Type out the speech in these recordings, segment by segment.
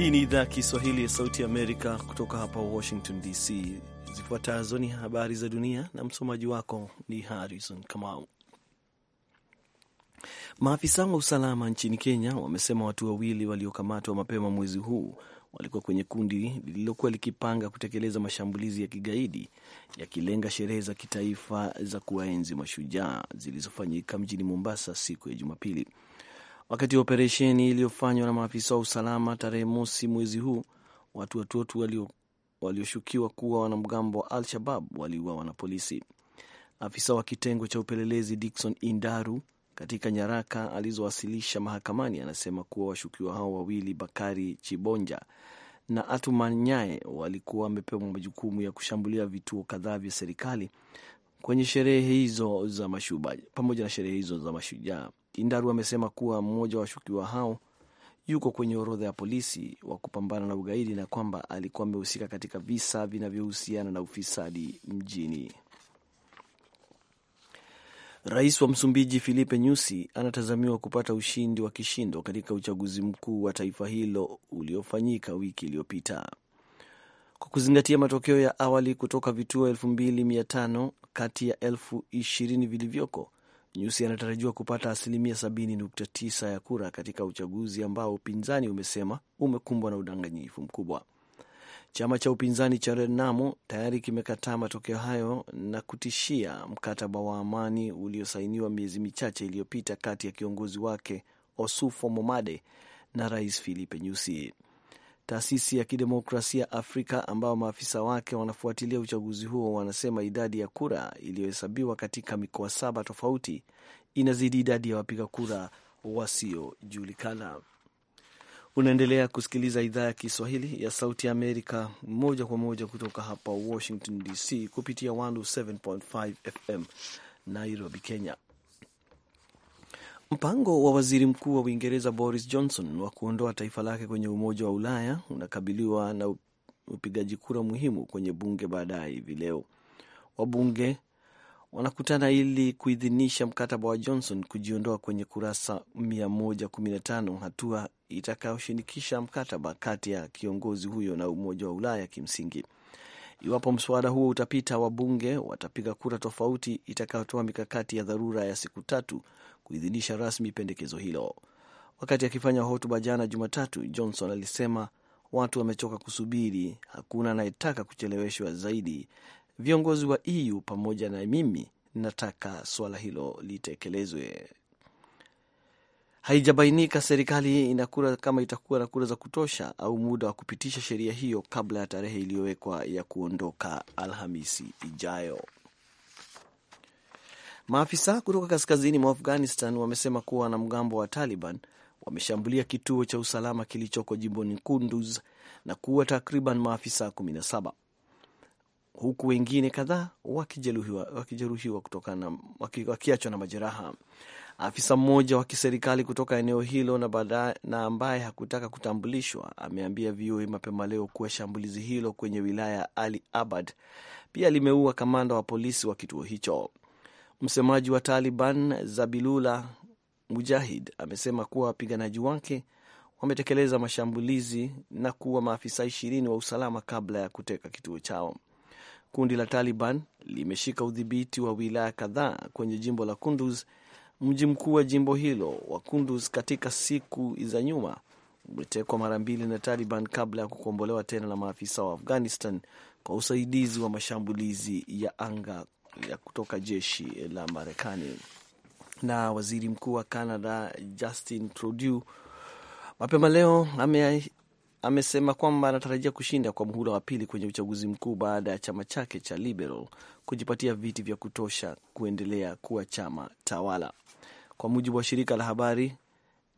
Hii ni idhaa ya Kiswahili ya Sauti Amerika kutoka hapa Washington DC. Zifuatazo ni habari za dunia na msomaji wako ni Harrison Kamau. Maafisa wa usalama nchini Kenya wamesema watu wawili waliokamatwa mapema mwezi huu walikuwa kwenye kundi lililokuwa likipanga kutekeleza mashambulizi ya kigaidi yakilenga sherehe za kitaifa za kuwaenzi mashujaa zilizofanyika mjini Mombasa siku ya Jumapili wakati wa operesheni iliyofanywa na maafisa wa usalama tarehe mosi mwezi huu. Watu watatu walioshukiwa kuwa wanamgambo wa Al-Shabab waliuawa na polisi. Afisa wa kitengo cha upelelezi dikson Indaru katika nyaraka alizowasilisha mahakamani anasema kuwa washukiwa hao wawili Bakari Chibonja na Atuman Nyae walikuwa wamepewa majukumu ya kushambulia vituo kadhaa vya serikali kwenye sherehe hizo za mashujaa pamoja na sherehe hizo za mashujaa indaru amesema kuwa mmoja wa washukiwa hao yuko kwenye orodha ya polisi wa kupambana na ugaidi na kwamba alikuwa amehusika katika visa vinavyohusiana na ufisadi mjini. Rais wa Msumbiji Filipe Nyusi anatazamiwa kupata ushindi wa kishindo katika uchaguzi mkuu wa taifa hilo uliofanyika wiki iliyopita. Kwa kuzingatia matokeo ya awali kutoka vituo 2500 kati ya elfu 20 vilivyoko, Nyusi anatarajiwa kupata asilimia 70.9 ya kura katika uchaguzi ambao upinzani umesema umekumbwa na udanganyifu mkubwa. Chama cha upinzani cha Renamo tayari kimekataa matokeo hayo na kutishia mkataba wa amani uliosainiwa miezi michache iliyopita kati ya kiongozi wake Osufo Momade na Rais Filipe Nyusi. Taasisi ya Kidemokrasia Afrika, ambao maafisa wake wanafuatilia uchaguzi huo, wanasema idadi ya kura iliyohesabiwa katika mikoa saba tofauti inazidi idadi ya wapiga kura wasiojulikana. Unaendelea kusikiliza idhaa ya Kiswahili ya Sauti ya Amerika moja kwa moja kutoka hapa Washington DC, kupitia 107.5 FM Nairobi, Kenya. Mpango wa waziri mkuu wa Uingereza Boris Johnson wa kuondoa taifa lake kwenye Umoja wa Ulaya unakabiliwa na upigaji kura muhimu kwenye bunge baadaye hivi leo. Wabunge wanakutana ili kuidhinisha mkataba wa Johnson kujiondoa kwenye kurasa 115, hatua itakayoshinikisha mkataba kati ya kiongozi huyo na Umoja wa Ulaya kimsingi. Iwapo mswada huo utapita, wabunge watapiga kura tofauti itakayotoa mikakati ya dharura ya siku tatu kuidhinisha rasmi pendekezo hilo. Wakati akifanya hotuba jana Jumatatu, Johnson alisema watu wamechoka kusubiri, hakuna anayetaka kucheleweshwa zaidi. Viongozi wa EU pamoja na mimi nataka suala hilo litekelezwe. Haijabainika serikali ina kura kama itakuwa na kura za kutosha au muda wa kupitisha sheria hiyo kabla ya tarehe iliyowekwa ya kuondoka Alhamisi ijayo. Maafisa kutoka kaskazini mwa Afghanistan wamesema kuwa wanamgambo wa Taliban wameshambulia kituo cha usalama kilichoko jimboni Kunduz na kuua takriban maafisa 17 huku wengine kadhaa wakijeruhiwa kutokana wakiachwa na majeraha. Afisa mmoja wa kiserikali kutoka eneo hilo na bada, na ambaye hakutaka kutambulishwa ameambia VOA mapema leo kuwa shambulizi hilo kwenye wilaya ya Ali Abad pia limeua kamanda wa polisi wa kituo hicho. Msemaji wa Taliban Zabilula Mujahid amesema kuwa wapiganaji wake wametekeleza mashambulizi na kuua maafisa ishirini wa usalama kabla ya kuteka kituo chao. Kundi la Taliban limeshika udhibiti wa wilaya kadhaa kwenye jimbo la Kunduz, mji mkuu wa jimbo hilo wa Kunduz. Katika siku za nyuma umetekwa mara mbili na Taliban kabla ya kukombolewa tena na maafisa wa Afghanistan kwa usaidizi wa mashambulizi ya anga ya kutoka jeshi la Marekani. Na waziri mkuu wa Canada Justin Trudeau mapema leo ame amesema kwamba anatarajia kushinda kwa muhula wa pili kwenye uchaguzi mkuu baada ya chama chake cha Liberal kujipatia viti vya kutosha kuendelea kuwa chama tawala. Kwa mujibu wa shirika la habari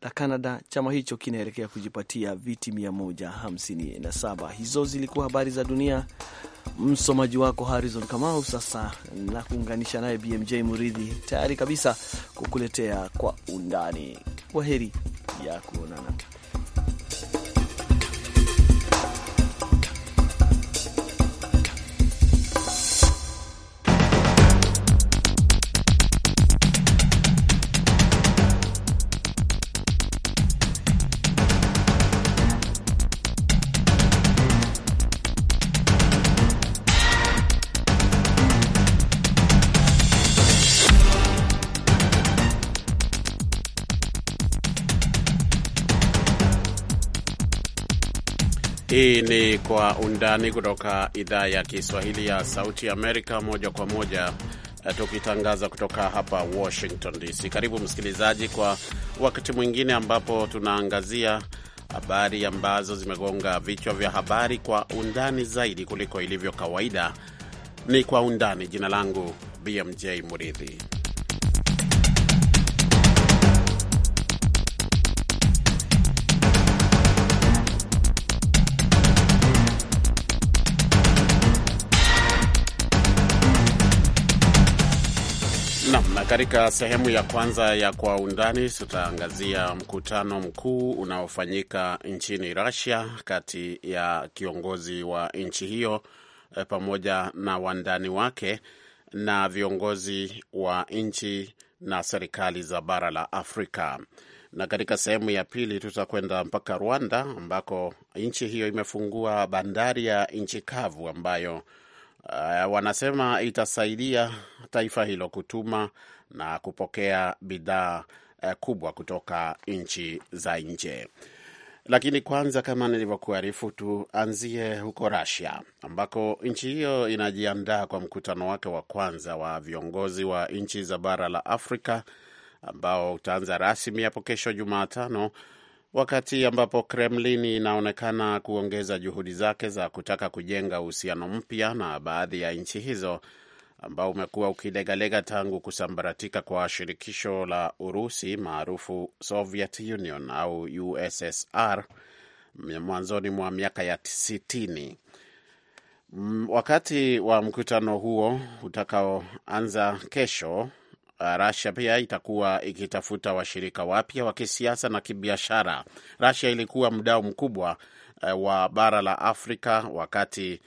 la Canada, chama hicho kinaelekea kujipatia viti 157. Hizo zilikuwa habari za dunia msomaji wako Harrison Kamau. Sasa na kuunganisha naye BMJ Muridhi, tayari kabisa kukuletea kwa undani. Kwa heri ya kuonana. kwa undani kutoka idhaa ya Kiswahili ya Sauti Amerika, moja kwa moja eh, tukitangaza kutoka hapa Washington DC. Karibu msikilizaji, kwa wakati mwingine ambapo tunaangazia habari ambazo zimegonga vichwa vya habari kwa undani zaidi kuliko ilivyo kawaida. Ni kwa undani. Jina langu BMJ Muridhi. Katika sehemu ya kwanza ya Kwa Undani tutaangazia mkutano mkuu unaofanyika nchini Russia kati ya kiongozi wa nchi hiyo eh, pamoja na wandani wake na viongozi wa nchi na serikali za bara la Afrika. Na katika sehemu ya pili tutakwenda mpaka Rwanda ambako nchi hiyo imefungua bandari ya nchi kavu ambayo Uh, wanasema itasaidia taifa hilo kutuma na kupokea bidhaa eh, kubwa kutoka nchi za nje. Lakini kwanza, kama nilivyokuarifu, tuanzie huko Russia ambako nchi hiyo inajiandaa kwa mkutano wake wa kwanza wa viongozi wa nchi za bara la Afrika ambao utaanza rasmi hapo kesho Jumatano, wakati ambapo Kremlin inaonekana kuongeza juhudi zake za kutaka kujenga uhusiano mpya na baadhi ya nchi hizo ambao umekuwa ukilegalega tangu kusambaratika kwa shirikisho la Urusi maarufu Soviet Union au USSR mwanzoni mwa miaka ya sitini. Mm, wakati wa mkutano huo utakaoanza kesho, uh, Rasia pia itakuwa ikitafuta washirika wapya wa kisiasa na kibiashara. Rasia ilikuwa mdau mkubwa uh, wa bara la Afrika wakati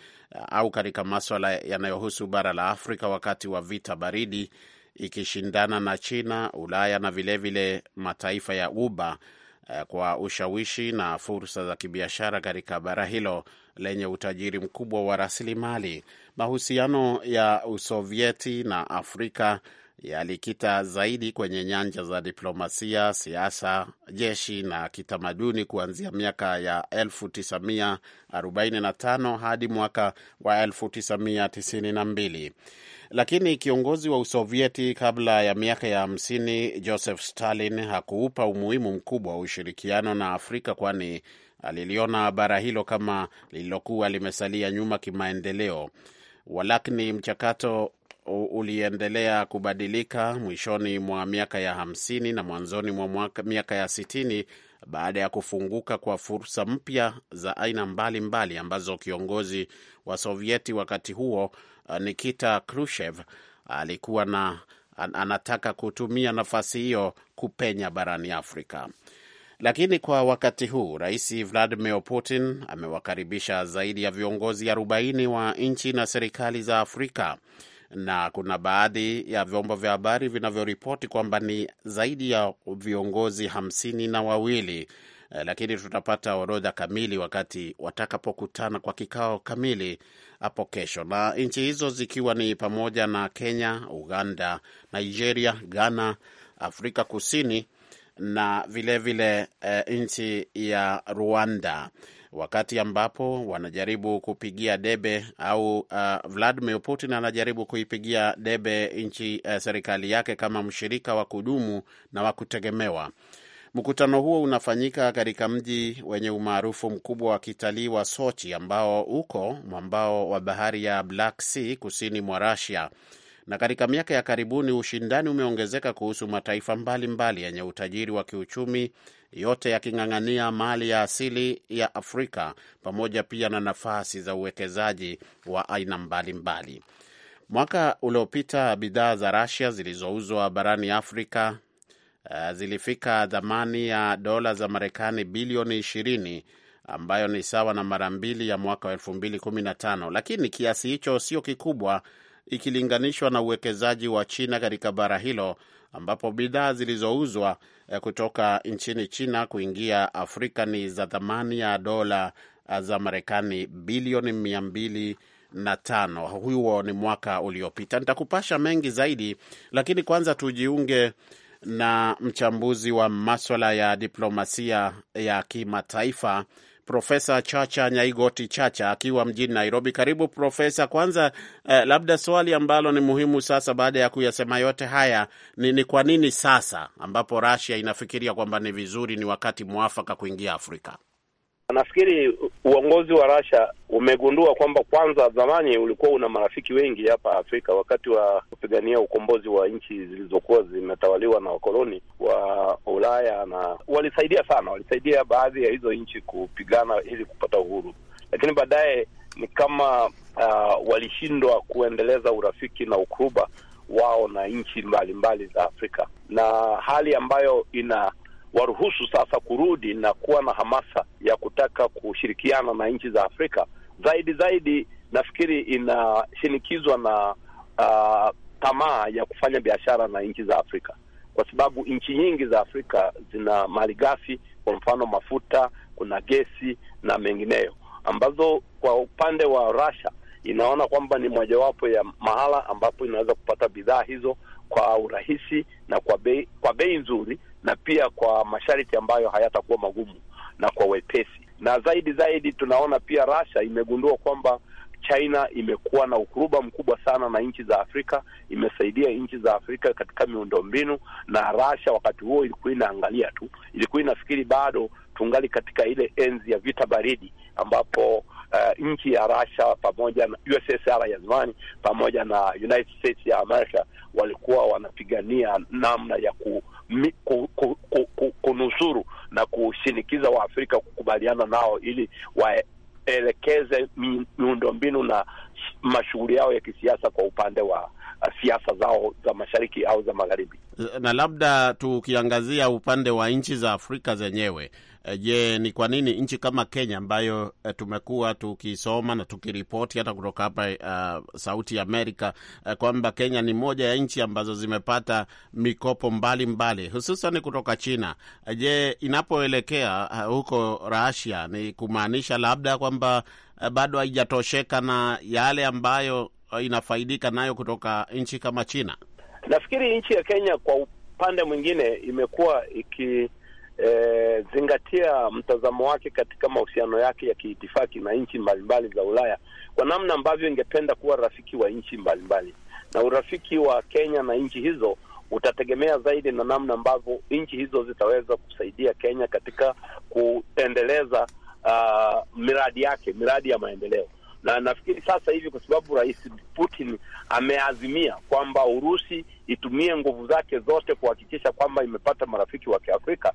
au katika maswala yanayohusu bara la Afrika wakati wa vita baridi, ikishindana na China, Ulaya na vilevile vile mataifa ya Uba eh, kwa ushawishi na fursa za kibiashara katika bara hilo lenye utajiri mkubwa wa rasilimali. Mahusiano ya Usovieti na Afrika yalikita zaidi kwenye nyanja za diplomasia, siasa, jeshi na kitamaduni kuanzia miaka ya 1945 hadi mwaka wa 1992. Lakini kiongozi wa Usovieti kabla ya miaka ya 50, Joseph Stalin hakuupa umuhimu mkubwa wa ushirikiano na Afrika kwani aliliona bara hilo kama lililokuwa limesalia nyuma kimaendeleo. Walakini mchakato uliendelea kubadilika mwishoni mwa miaka ya hamsini na mwanzoni mwa miaka ya sitini baada ya kufunguka kwa fursa mpya za aina mbalimbali mbali ambazo kiongozi wa Sovieti wakati huo uh, Nikita Khrushchev alikuwa na anataka kutumia nafasi hiyo kupenya barani Afrika. Lakini kwa wakati huu Rais Vladimir Putin amewakaribisha zaidi ya viongozi 40 wa nchi na serikali za Afrika na kuna baadhi ya vyombo vya habari vinavyoripoti kwamba ni zaidi ya viongozi hamsini na wawili eh, lakini tutapata orodha kamili wakati watakapokutana kwa kikao kamili hapo kesho, na nchi hizo zikiwa ni pamoja na Kenya, Uganda, Nigeria, Ghana, Afrika Kusini na vilevile vile, e, nchi ya Rwanda wakati ambapo wanajaribu kupigia debe au uh, Vladimir Putin anajaribu kuipigia debe nchi uh, serikali yake kama mshirika wa kudumu na wa kutegemewa. Mkutano huo unafanyika katika mji wenye umaarufu mkubwa wa kitalii wa Sochi ambao uko mwambao wa bahari ya Black Sea kusini mwa Russia. Na katika miaka ya karibuni ushindani umeongezeka kuhusu mataifa mbalimbali yenye utajiri wa kiuchumi yote yaking'ang'ania mali ya asili ya Afrika pamoja pia na nafasi za uwekezaji wa aina mbalimbali. Mwaka uliopita bidhaa za Russia zilizouzwa barani Afrika uh, zilifika thamani ya dola za Marekani bilioni ishirini ambayo ni sawa na mara mbili ya mwaka wa elfu mbili kumi na tano, lakini kiasi hicho sio kikubwa ikilinganishwa na uwekezaji wa China katika bara hilo ambapo bidhaa zilizouzwa Eh, kutoka nchini China kuingia Afrika ni za thamani ya dola eh, za Marekani bilioni mia mbili na tano. Huo ni mwaka uliopita. Nitakupasha mengi zaidi, lakini kwanza tujiunge na mchambuzi wa maswala ya diplomasia ya kimataifa Profesa Chacha Nyaigoti Chacha akiwa mjini Nairobi. Karibu Profesa. Kwanza eh, labda swali ambalo ni muhimu sasa, baada ya kuyasema yote haya, ni, ni kwa nini sasa ambapo Russia inafikiria kwamba ni vizuri, ni wakati mwafaka kuingia Afrika? Nafikiri uongozi wa Rasha umegundua kwamba kwanza, zamani ulikuwa una marafiki wengi hapa Afrika wakati wa kupigania ukombozi wa nchi zilizokuwa zimetawaliwa na wakoloni wa Ulaya, na walisaidia sana, walisaidia baadhi ya hizo nchi kupigana ili kupata uhuru, lakini baadaye ni kama uh, walishindwa kuendeleza urafiki na ukuruba wao na nchi mbalimbali za Afrika na hali ambayo ina waruhusu sasa kurudi na kuwa na hamasa ya kutaka kushirikiana na nchi za Afrika zaidi zaidi. Nafikiri inashinikizwa na uh, tamaa ya kufanya biashara na nchi za Afrika, kwa sababu nchi nyingi za Afrika zina mali ghafi, kwa mfano mafuta, kuna gesi na mengineyo, ambazo kwa upande wa Russia inaona kwamba ni mojawapo ya mahala ambapo inaweza kupata bidhaa hizo kwa urahisi na kwa bei, kwa bei nzuri na pia kwa masharti ambayo hayatakuwa magumu na kwa wepesi. Na zaidi zaidi, tunaona pia Russia imegundua kwamba China imekuwa na ukuruba mkubwa sana na nchi za Afrika, imesaidia nchi za Afrika katika miundombinu, na Russia wakati huo ilikuwa inaangalia tu, ilikuwa inafikiri bado tungali katika ile enzi ya vita baridi ambapo uh, nchi ya Russia pamoja na USSR ya zamani pamoja na United States ya America walikuwa wanapigania namna ya ku kunusuru na kushinikiza Waafrika kukubaliana nao ili waelekeze miundombinu na mashughuli yao ya kisiasa kwa upande wa Uh, siasa zao za mashariki au za magharibi. Na labda tukiangazia upande wa nchi za Afrika zenyewe, eh, je, ni kwa nini nchi kama Kenya ambayo eh, tumekuwa tukisoma na tukiripoti hata kutoka hapa uh, Sauti ya Amerika uh, kwamba Kenya ni moja ya nchi ambazo zimepata mikopo mbalimbali hususan kutoka China. Je, inapoelekea uh, huko Rasia ni kumaanisha labda kwamba bado haijatosheka na yale ambayo Eh, inafaidika nayo kutoka nchi kama China? Nafikiri nchi ya Kenya kwa upande mwingine imekuwa ikizingatia eh, e, mtazamo wake katika mahusiano yake ya kiitifaki na nchi mbalimbali za Ulaya kwa namna ambavyo ingependa kuwa rafiki wa nchi mbalimbali, na urafiki wa Kenya na nchi hizo utategemea zaidi na namna ambavyo nchi hizo zitaweza kusaidia Kenya katika kuendeleza uh, miradi yake, miradi ya maendeleo na nafikiri sasa hivi kwa sababu Rais Putin ameazimia kwamba Urusi itumie nguvu zake zote kuhakikisha kwamba imepata marafiki wa Kiafrika,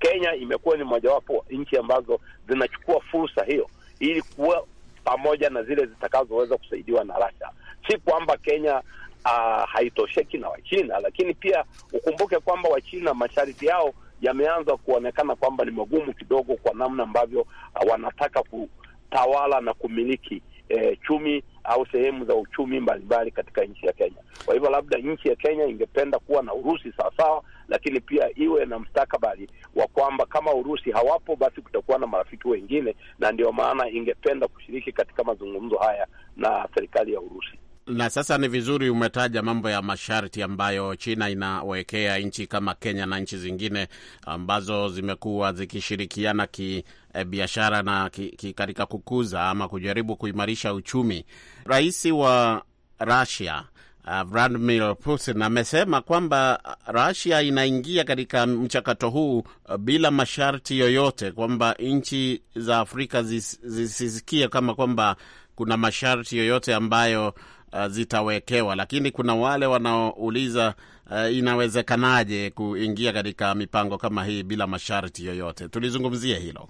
Kenya imekuwa ni mojawapo nchi ambazo zinachukua fursa hiyo ili kuwa pamoja na zile zitakazoweza kusaidiwa na Russia. Si kwamba Kenya uh, haitosheki na Wachina, lakini pia ukumbuke kwamba Wachina masharti yao yameanza kuonekana kwamba ni magumu kidogo, kwa namna ambavyo uh, wanataka ku kutawala na kumiliki eh, chumi au sehemu za uchumi mbalimbali katika nchi ya Kenya. Kwa hivyo, labda nchi ya Kenya ingependa kuwa na Urusi sawasawa, lakini pia iwe na mstakabali wa kwamba kama Urusi hawapo, basi kutakuwa na marafiki wengine, na ndio maana ingependa kushiriki katika mazungumzo haya na serikali ya Urusi. Na sasa ni vizuri umetaja mambo ya masharti ambayo China inawekea nchi kama Kenya na nchi zingine ambazo zimekuwa zikishirikiana kibiashara eh, na ki, ki katika kukuza ama kujaribu kuimarisha uchumi. Rais wa Russia Uh, Vladimir Putin amesema kwamba Russia inaingia katika mchakato huu uh, bila masharti yoyote, kwamba nchi za Afrika zisisikie kama kwamba kuna masharti yoyote ambayo uh, zitawekewa, lakini kuna wale wanaouliza uh, inawezekanaje kuingia katika mipango kama hii bila masharti yoyote? Tulizungumzia hilo.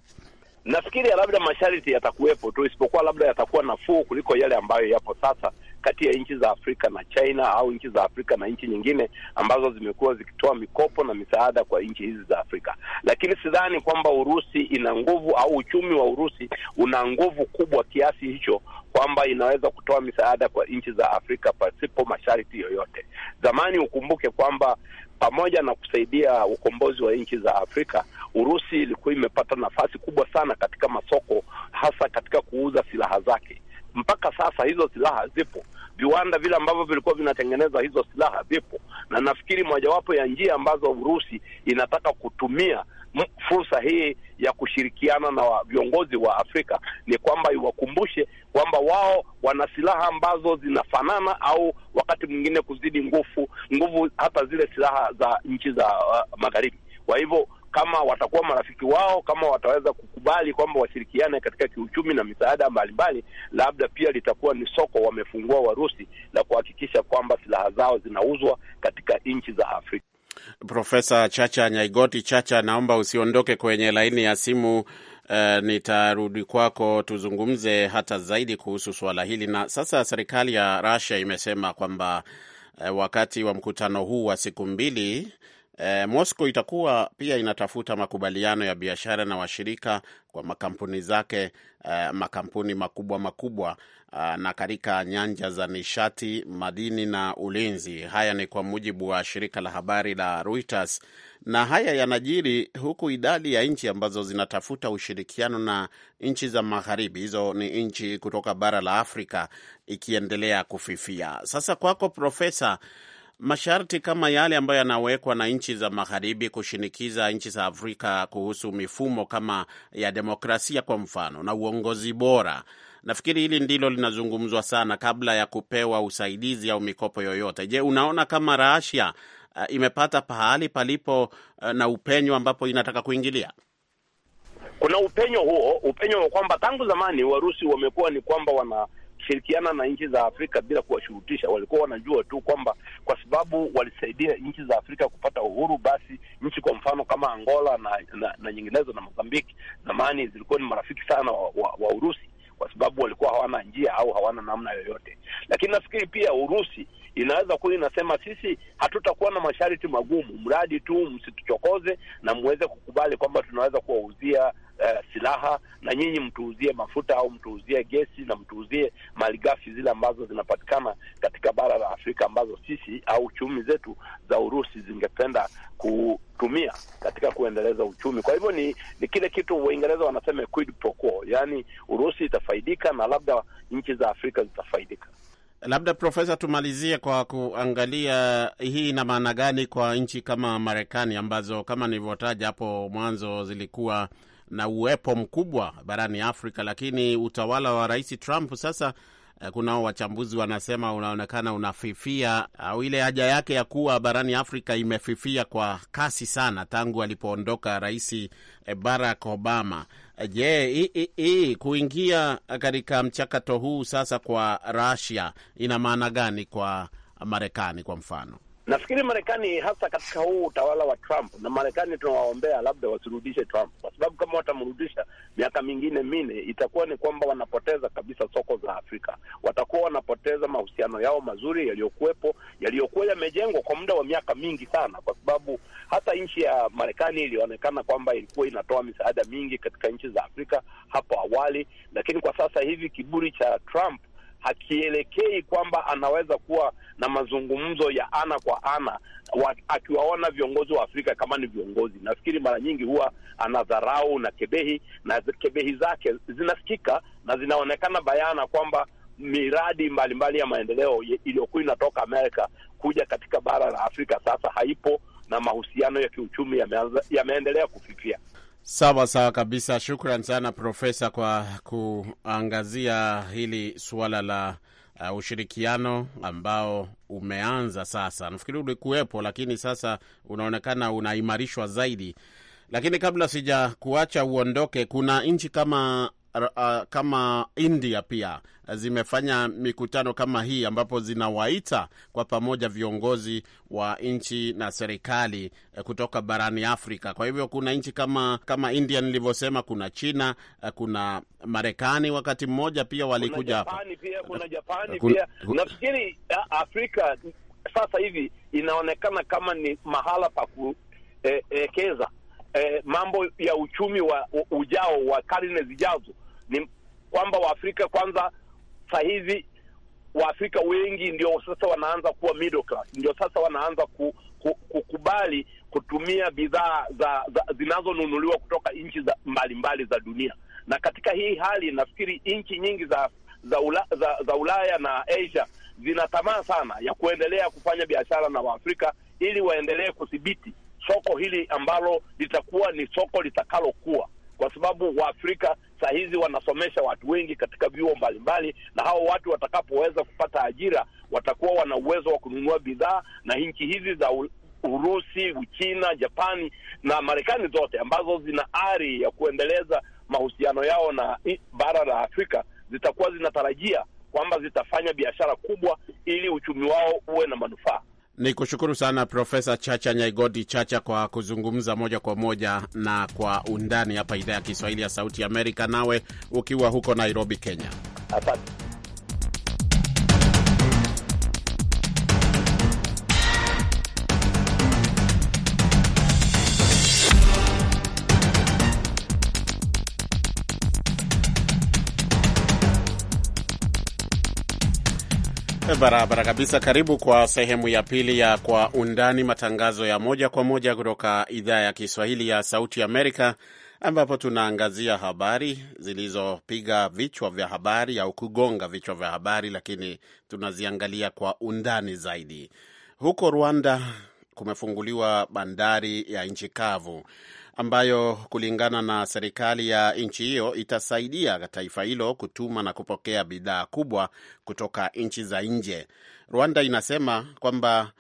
Nafikiri ya labda masharti yatakuwepo tu, isipokuwa labda yatakuwa nafuu kuliko yale ambayo yapo sasa kati ya nchi za Afrika na China au nchi za Afrika na nchi nyingine ambazo zimekuwa zikitoa mikopo na misaada kwa nchi hizi za Afrika. Lakini sidhani kwamba Urusi ina nguvu au uchumi wa Urusi una nguvu kubwa kiasi hicho kwamba inaweza kutoa misaada kwa nchi za Afrika pasipo masharti yoyote. Zamani ukumbuke kwamba pamoja na kusaidia ukombozi wa nchi za Afrika Urusi ilikuwa imepata nafasi kubwa sana katika masoko, hasa katika kuuza silaha zake. Mpaka sasa hizo silaha zipo, viwanda vile ambavyo vilikuwa vinatengeneza hizo silaha vipo, na nafikiri mojawapo ya njia ambazo Urusi inataka kutumia fursa hii ya kushirikiana na viongozi wa Afrika ni kwamba iwakumbushe kwamba wao wana silaha ambazo zinafanana au wakati mwingine kuzidi nguvu nguvu hata zile silaha za nchi za uh, magharibi. Kwa hivyo kama watakuwa marafiki wao, kama wataweza kukubali kwamba washirikiane katika kiuchumi na misaada mbalimbali, labda pia litakuwa ni soko wamefungua Warusi la kuhakikisha kwamba silaha zao zinauzwa katika nchi za Afrika. Profesa Chacha Nyaigoti Chacha, naomba usiondoke kwenye laini ya simu. Uh, nitarudi kwako tuzungumze hata zaidi kuhusu suala hili. Na sasa serikali ya Russia imesema kwamba uh, wakati wa mkutano huu wa siku mbili E, Moscow itakuwa pia inatafuta makubaliano ya biashara na washirika kwa makampuni zake e, makampuni makubwa makubwa a, e, na katika nyanja za nishati, madini na ulinzi. Haya ni kwa mujibu wa shirika la habari la Reuters, na haya yanajiri huku idadi ya nchi ambazo zinatafuta ushirikiano na nchi za magharibi, hizo ni nchi kutoka bara la Afrika, ikiendelea kufifia. Sasa kwako Profesa masharti kama yale ambayo yanawekwa na nchi za magharibi kushinikiza nchi za Afrika kuhusu mifumo kama ya demokrasia kwa mfano na uongozi bora. Nafikiri hili ndilo linazungumzwa sana kabla ya kupewa usaidizi au mikopo yoyote. Je, unaona kama Rasia uh, eh, imepata pahali palipo uh, na upenyo ambapo inataka kuingilia? Kuna upenyo huo, upenyo wa kwamba tangu zamani Warusi wamekuwa ni kwamba wana kushirikiana na nchi za Afrika bila kuwashurutisha. Walikuwa wanajua tu kwamba kwa sababu walisaidia nchi za Afrika kupata uhuru, basi nchi kwa mfano kama Angola na, na, na nyinginezo na Mozambiki zamani zilikuwa ni marafiki sana wa, wa, wa Urusi kwa sababu walikuwa hawana njia au hawana namna yoyote, lakini nafikiri pia Urusi inaweza kuwa inasema sisi hatutakuwa na masharti magumu, mradi tu msituchokoze na mweze kukubali kwamba tunaweza kuwauzia uh, silaha na nyinyi mtuuzie mafuta au mtuuzie gesi na mtuuzie malighafi zile ambazo zinapatikana katika bara la Afrika ambazo sisi au chumi zetu za Urusi zingependa kutumia katika kuendeleza uchumi. Kwa hivyo ni, ni kile kitu Waingereza wanasema quid pro quo, yaani Urusi itafaidika na labda nchi za Afrika zitafaidika. Labda Profesa, tumalizie kwa kuangalia hii ina maana gani kwa nchi kama Marekani ambazo kama nilivyotaja hapo mwanzo zilikuwa na uwepo mkubwa barani Afrika, lakini utawala wa Rais Trump sasa eh, kunao wachambuzi wanasema unaonekana unafifia, au ile haja yake ya kuwa barani Afrika imefifia kwa kasi sana tangu alipoondoka Rais eh, Barack Obama. Eh, je, hii kuingia katika mchakato huu sasa kwa Russia ina maana gani kwa Marekani kwa mfano? Nafikiri Marekani hasa katika huu utawala wa Trump, na Marekani tunawaombea labda wasirudishe Trump, kwa sababu kama watamrudisha miaka mingine minne, itakuwa ni kwamba wanapoteza kabisa soko za Afrika, watakuwa wanapoteza mahusiano yao mazuri yaliyokuwepo, yaliyokuwa yamejengwa kwa muda wa miaka mingi sana, kwa sababu hata nchi ya Marekani ilionekana kwamba ilikuwa inatoa misaada mingi katika nchi za Afrika hapo awali, lakini kwa sasa hivi kiburi cha Trump hakielekei kwamba anaweza kuwa na mazungumzo ya ana kwa ana wa, akiwaona viongozi wa Afrika kama ni viongozi. Nafikiri mara nyingi huwa anadharau na kebehi na kebehi zake zinasikika na zinaonekana bayana kwamba miradi mbalimbali mbali ya maendeleo iliyokuwa inatoka Amerika kuja katika bara la Afrika sasa haipo na mahusiano ya kiuchumi yameendelea kufifia. Sawa sawa kabisa, shukran sana Profesa kwa kuangazia hili suala la uh, ushirikiano ambao umeanza sasa. Nafikiri ulikuwepo, lakini sasa unaonekana unaimarishwa zaidi. Lakini kabla sija kuacha uondoke, kuna nchi kama uh, kama India pia zimefanya mikutano kama hii ambapo zinawaita kwa pamoja viongozi wa nchi na serikali kutoka barani Afrika. Kwa hivyo kuna nchi kama kama India nilivyosema, kuna China, kuna Marekani, wakati mmoja pia walikuja hapa, kuna Japani pia, kuna Japani kuna, pia. Kuna... nafikiri Afrika sasa hivi inaonekana kama ni mahala pa kuekeza e, eh, eh, mambo ya uchumi wa ujao wa karne zijazo ni kwamba Waafrika kwanza, sa hizi Waafrika wengi ndio sasa wanaanza kuwa middle class, ndio sasa wanaanza ku, ku, kukubali kutumia bidhaa za, za zinazonunuliwa kutoka nchi mbalimbali mbali za dunia. Na katika hii hali nafikiri nchi nyingi za za, ula, za za Ulaya na Asia zina tamaa sana ya kuendelea kufanya biashara na Waafrika ili waendelee kudhibiti soko hili ambalo litakuwa ni soko litakalokuwa, kwa sababu Waafrika saa hizi wanasomesha watu wengi katika vyuo mbalimbali, na hao watu watakapoweza kupata ajira watakuwa wana uwezo wa kununua bidhaa, na nchi hizi za u... Urusi, Uchina, Japani na Marekani zote ambazo zina ari ya kuendeleza mahusiano yao na bara la Afrika zitakuwa zinatarajia kwamba zitafanya biashara kubwa ili uchumi wao uwe na manufaa. Ni kushukuru sana Profesa Chacha Nyaigoti Chacha kwa kuzungumza moja kwa moja na kwa undani hapa idhaa ya Kiswahili ya Sauti Amerika, nawe ukiwa huko Nairobi, Kenya. Asante. Eh, barabara kabisa. Karibu kwa sehemu ya pili ya Kwa Undani, matangazo ya moja kwa moja kutoka idhaa ya Kiswahili ya Sauti Amerika, ambapo tunaangazia habari zilizopiga vichwa vya habari au kugonga vichwa vya habari, lakini tunaziangalia kwa undani zaidi. Huko Rwanda kumefunguliwa bandari ya nchi kavu ambayo kulingana na serikali ya nchi hiyo itasaidia taifa hilo kutuma na kupokea bidhaa kubwa kutoka nchi za nje. Rwanda inasema kwamba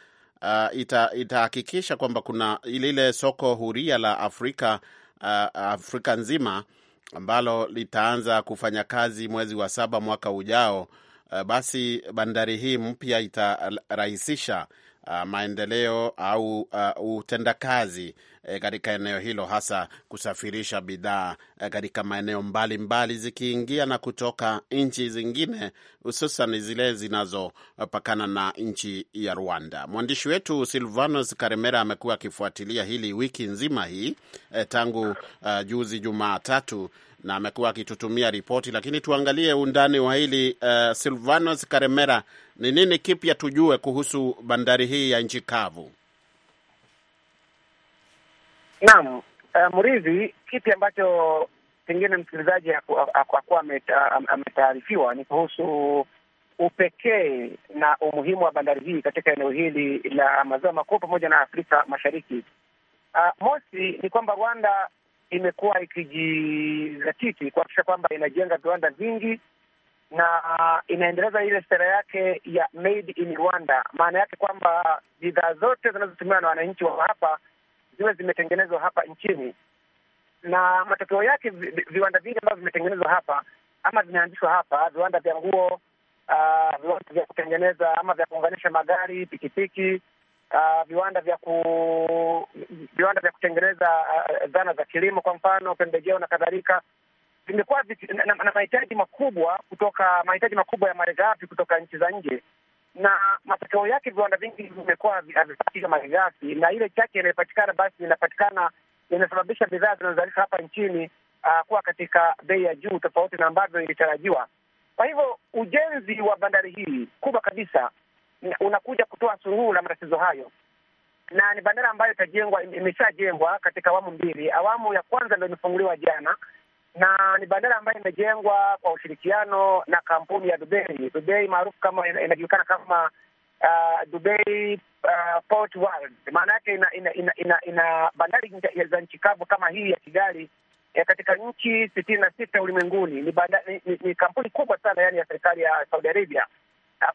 uh, itahakikisha ita kwamba kuna lile soko huria la Afrika, uh, Afrika nzima ambalo litaanza kufanya kazi mwezi wa saba mwaka ujao. Uh, basi bandari hii mpya itarahisisha uh, maendeleo au uh, utendakazi uh, katika eneo hilo, hasa kusafirisha bidhaa uh, katika maeneo mbalimbali zikiingia na kutoka nchi zingine, hususan zile zinazopakana na nchi ya Rwanda. Mwandishi wetu Silvanos Karemera amekuwa akifuatilia hili wiki nzima hii uh, tangu uh, juzi Jumatatu na amekuwa akitutumia ripoti, lakini tuangalie undani wa hili uh, eh, Silvanos Karemera, ni nini kipya tujue kuhusu bandari hii ya nchi kavu? Naam, uh, eh, Mrizi, kipi ambacho pengine msikilizaji akuwa ametaarifiwa ni kuhusu upekee na umuhimu wa bandari hii katika eneo hili la maziwa makuu pamoja na Afrika Mashariki. Uh, mosi ni kwamba Rwanda imekuwa ikijizatiti kuhakikisha kwamba inajenga viwanda vingi na inaendeleza ile sera yake ya made in Rwanda. Maana yake kwamba bidhaa zote zinazotumiwa na wananchi wa hapa ziwe zimetengenezwa hapa nchini, na matokeo yake viwanda vingi ambavyo vimetengenezwa hapa ama vimeanzishwa hapa, viwanda vya nguo, ah, viwanda uh, vya kutengeneza ama vya kuunganisha magari, pikipiki uh, viwanda vya ku viwanda vya kutengeneza uh, zana za kilimo kwa mfano pembejeo na kadhalika vimekuwa na, na, mahitaji makubwa kutoka mahitaji makubwa ya malighafi kutoka nchi za nje, na matokeo yake viwanda vingi vimekuwa havipati malighafi, na ile chache inayopatikana basi inapatikana inasababisha bidhaa zinazozalishwa hapa nchini uh, kuwa katika bei ya juu tofauti na ambavyo ilitarajiwa. Kwa hivyo ujenzi wa bandari hii kubwa kabisa unakuja kutoa suluhu la matatizo hayo, na ni bandari ambayo itajengwa, imeshajengwa katika awamu mbili. Awamu ya kwanza ndo imefunguliwa jana, na ni bandari ambayo imejengwa kwa ushirikiano na kampuni ya Dubai, Dubai maarufu kama inajulikana kama uh, Dubai uh, Port World. Maana yake ina, ina, ina, ina, ina bandari za nchi kavu kama hii ya Kigali ya katika nchi sitini na sita ulimwenguni. Ni, ni, ni kampuni kubwa sana yani ya serikali ya Saudi Arabia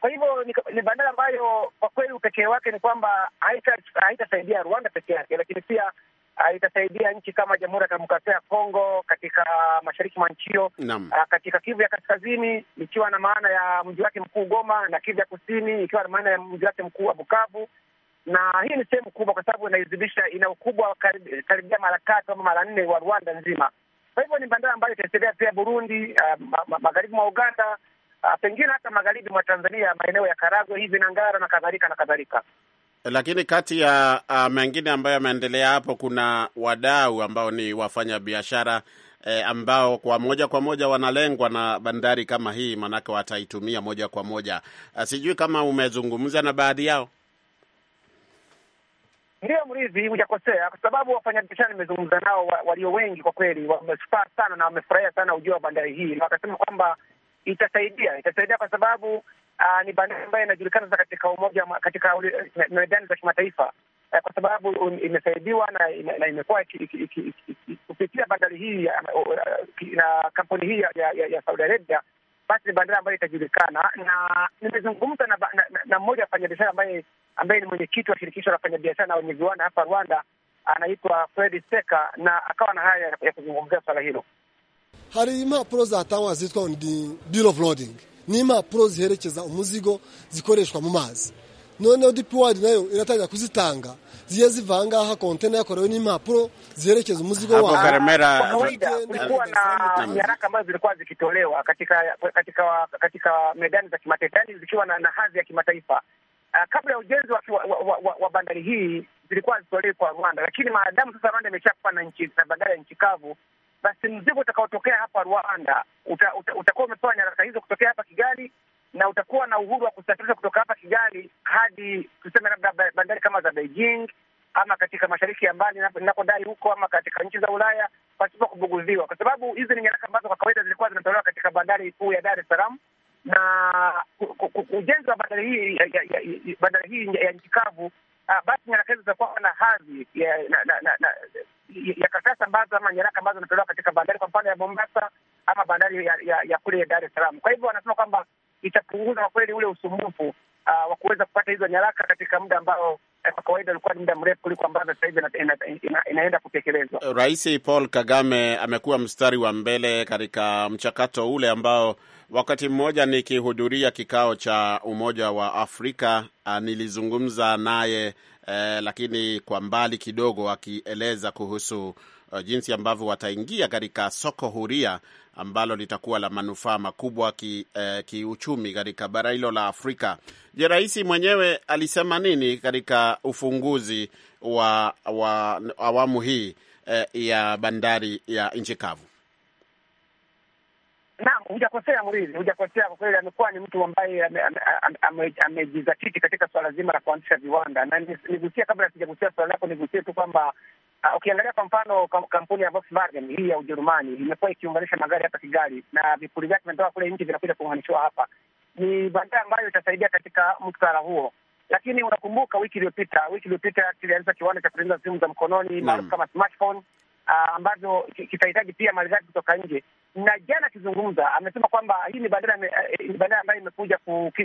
kwa hivyo ni, ni bandari ambayo kwa kweli upekee wake ni kwamba haitasaidia haita Rwanda peke yake, lakini pia itasaidia nchi kama Jamhuri ya Kidemokrasia ya Kongo katika mashariki mwa nchi hiyo, ah, katika Kivu ya Kaskazini ikiwa na maana ya mji wake mkuu Goma na Kivu ya Kusini ikiwa na maana ya mji wake mkuu wa Bukavu. Na hii ni sehemu kubwa, kwa sababu inaizidisha, ina ukubwa karibia mara tatu ama mara nne wa Rwanda nzima. Kwa hivyo ni bandari ambayo itaisaidia pia Burundi, uh, magharibi mwa Uganda Ah, pengine hata magharibi mwa Tanzania, maeneo ya Karagwe hivi na Ngara na kadhalika na kadhalika. Lakini kati ya uh, mengine ambayo yameendelea hapo, kuna wadau ambao ni wafanya biashara E, ambao kwa moja kwa moja wanalengwa na bandari kama hii, maanake wataitumia moja kwa moja. Ah, sijui kama umezungumza na baadhi yao. Ndio Mrizi, hujakosea, kwa sababu wafanyabiashara nimezungumza nao walio wengi kwa kweli wamesupaa sana na wamefurahia sana ujio wa bandari hii, na wakasema kwamba itasaidia, itasaidia kwa sababu uh, ni bandari ambayo inajulikana sasa katika umoja katika medani za kimataifa uh, kwa sababu um, imesaidiwa na, na, na imekuwa kupitia bandari hii ya, uh, uh na kampuni hii ya, ya, ya Saudi Arabia, basi ni bandari ambayo itajulikana, na nimezungumza na, na, na, na mmoja wafanyabiashara ambaye ambaye ni mwenyekiti wa shirikisho la wafanyabiashara na wenye viwanda hapa Rwanda, anaitwa Fredi Seka, na akawa na haya ya kuzungumzia swala hilo hari impapuro zatangwa zitwa on bill of loading ni impapuro ziherekeza umuzigo zikoreshwa mu mazi noneho dipi wadi nayo iratangira kuzitanga ziye zivangaha kontena yakorewe n'impapuro ziherekeza umuzigo wao. Karemera kulikuwa na nyaraka ambazo zilikuwa zikitolewa katika katika katika medani za kimataifa, yani zikiwa na, na hadhi ya kimataifa. Uh, kabla ya ujenzi wa, wa, wa, wa, wa bandari hii zilikuwa zitolewe kwa Rwanda, lakini maadamu sasa Rwanda imeshakuwa na nchi na bandari ya nchi kavu basi mzigo utakaotokea hapa Rwanda utakuwa uta, uta umepewa nyaraka hizo kutokea hapa Kigali na utakuwa na uhuru wa kusafirisha kutoka hapa Kigali hadi tuseme labda bandari kama za Beijing ama katika mashariki ya mbali inapodai huko ama katika nchi za Ulaya pasipo kubuguziwa, kwa sababu hizi ni nyaraka ambazo kwa kawaida zilikuwa zinatolewa katika bandari kuu ya Dar es Salaam. Na ujenzi wa bandari hii ya, ya, ya, ya, bandari hii ya nchi kavu, ah, basi nyaraka hizo zitakuwa na hadhi ya kasasa ambazo ama nyaraka ambazo zinatolewa katika bandari kwa mfano ya Mombasa ama bandari ya, ya, ya kule Dar es Salaam. Kwa hivyo wanasema kwamba itapunguza kwa kweli ule usumbufu uh, wa kuweza kupata hizo nyaraka katika muda ambao eh, kwa kawaida ulikuwa ni muda mrefu kuliko ambao sasa hivi inaenda kutekelezwa. Rais Paul Kagame amekuwa mstari wa mbele katika mchakato ule ambao wakati mmoja nikihudhuria kikao cha Umoja wa Afrika ah, nilizungumza naye eh, lakini kwa mbali kidogo akieleza kuhusu uh, jinsi ambavyo wataingia katika soko huria ambalo litakuwa la manufaa makubwa ki, eh, kiuchumi katika bara hilo la Afrika. Je, rais mwenyewe alisema nini katika ufunguzi wa, wa awamu hii eh, ya bandari ya nchi kavu? hujakosea mrizi, hujakosea kwa kweli. Amekuwa ni mtu ambaye amejizatiti katika swala zima la kuanzisha viwanda, na nigusia, kabla sijagusia swala lako, nigusie tu kwamba ah, ukiangalia kwa mfano kampuni ya Volkswagen hii ya Ujerumani imekuwa ikiunganisha magari hapa Kigali, na vipuri vyake vinatoka kule nchi vinakuja kuunganishwa hapa. Ni bandari ambayo itasaidia katika mtaala huo lakini unakumbuka wiki iliyopita, wiki iliyopita kilianza kiwanda cha kutengeneza simu za mkononi maarufu kama smartphone uh, ah, ambazo kitahitaji pia mali zake kutoka nje. Na jana akizungumza amesema kwamba hii ni bandari eh, eh ambayo imekuja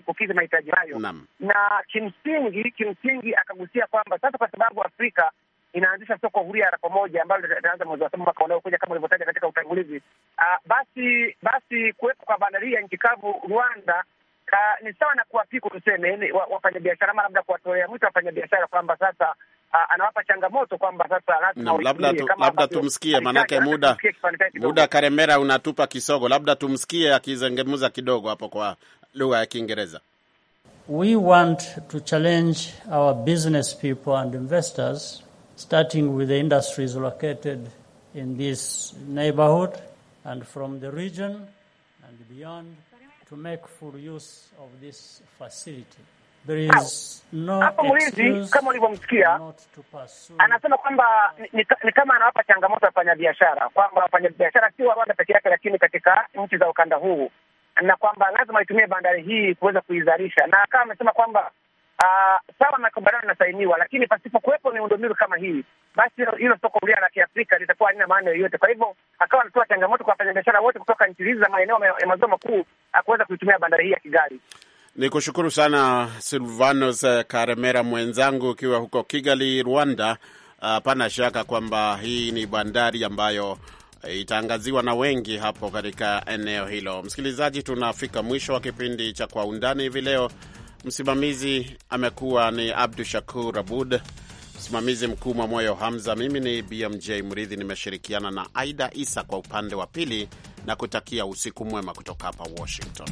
kukidhi mahitaji hayo, na kimsingi kimsingi akagusia kwamba sasa kwa sababu Afrika inaanzisha soko huria la pamoja ambalo litaanza mwezi wa saba mwaka unaokuja kama ulivyotaja katika utangulizi. Uh, basi basi kuwepo kwa bandari ya nchi kavu Rwanda ah, ni sawa na kuwapiku tuseme, wafanyabiashara ama labda kuwatolea mwito wafanyabiashara kwamba sasa anawapa changamoto kwamba sasa lazima labda tu, labda tumsikie, manake muda muda Karemera unatupa kisogo, labda tumsikie akizengemuza kidogo hapo kwa lugha ya Kiingereza. We want to challenge our business people and investors starting with the industries located in this neighborhood and from the region and beyond to make full use of this facility. Hapo mlinzi kama ulivyomsikia anasema kwamba ni, ni kama anawapa changamoto wafanyabiashara, kwamba wafanyabiashara sio wa Rwanda peke yake, lakini katika nchi za ukanda huu, na kwamba lazima itumie bandari hii kuweza kuizalisha, na akawa amesema kwamba uh, sawa makubaliano yanasainiwa, lakini pasipokuwepo miundombinu kama hii, basi hilo soko huria la Kiafrika litakuwa halina maana yoyote. Kwa hivyo akawa anatoa changamoto kwa wafanyabiashara wote kutoka nchi hizi za maeneo ya maziwa makuu akuweza ah, kuitumia bandari hii ya Kigali. Ni kushukuru sana Silvanos eh, Karemera mwenzangu, ukiwa huko Kigali, Rwanda. Ah, hapana shaka kwamba hii ni bandari ambayo eh, itaangaziwa na wengi hapo katika eneo hilo. Msikilizaji, tunafika mwisho wa kipindi cha Kwa Undani hivi leo. Msimamizi amekuwa ni Abdu Shakur Abud, msimamizi mkuu mwa Moyo Hamza. Mimi ni BMJ Mridhi, nimeshirikiana na Aida Isa kwa upande wa pili, na kutakia usiku mwema kutoka hapa Washington.